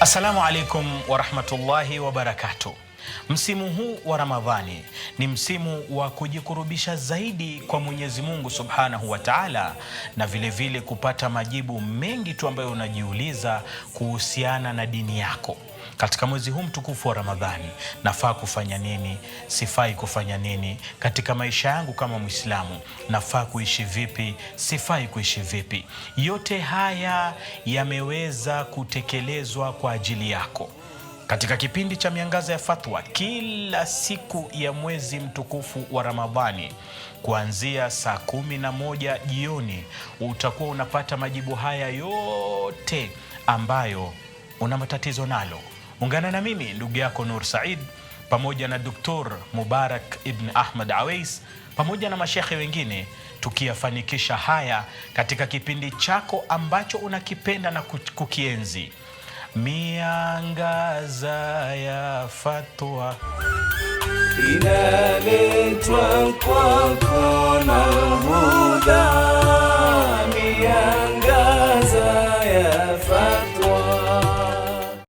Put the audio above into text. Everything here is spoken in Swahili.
Assalamu alaikum warahmatullahi wabarakatuh. Msimu huu wa Ramadhani ni msimu wa kujikurubisha zaidi kwa Mwenyezi Mungu Subhanahu wa Ta'ala, na vilevile vile kupata majibu mengi tu ambayo unajiuliza kuhusiana na dini yako katika mwezi huu mtukufu wa Ramadhani, nafaa kufanya nini? Sifai kufanya nini? Katika maisha yangu kama Mwislamu, nafaa kuishi vipi? Sifai kuishi vipi? Yote haya yameweza kutekelezwa kwa ajili yako katika kipindi cha Miangaza ya Fatwa kila siku ya mwezi mtukufu wa Ramadhani kuanzia saa kumi na moja jioni utakuwa unapata majibu haya yote ambayo una matatizo nalo, ungana na mimi ndugu yako Nur Said pamoja na Dr. Mubarak Ibn Ahmad Awais pamoja na mashekhe wengine tukiyafanikisha haya katika kipindi chako ambacho unakipenda na kukienzi, Miangaza ya Fatwa inaletwa kwako na Huda. Miangaza ya Fatwa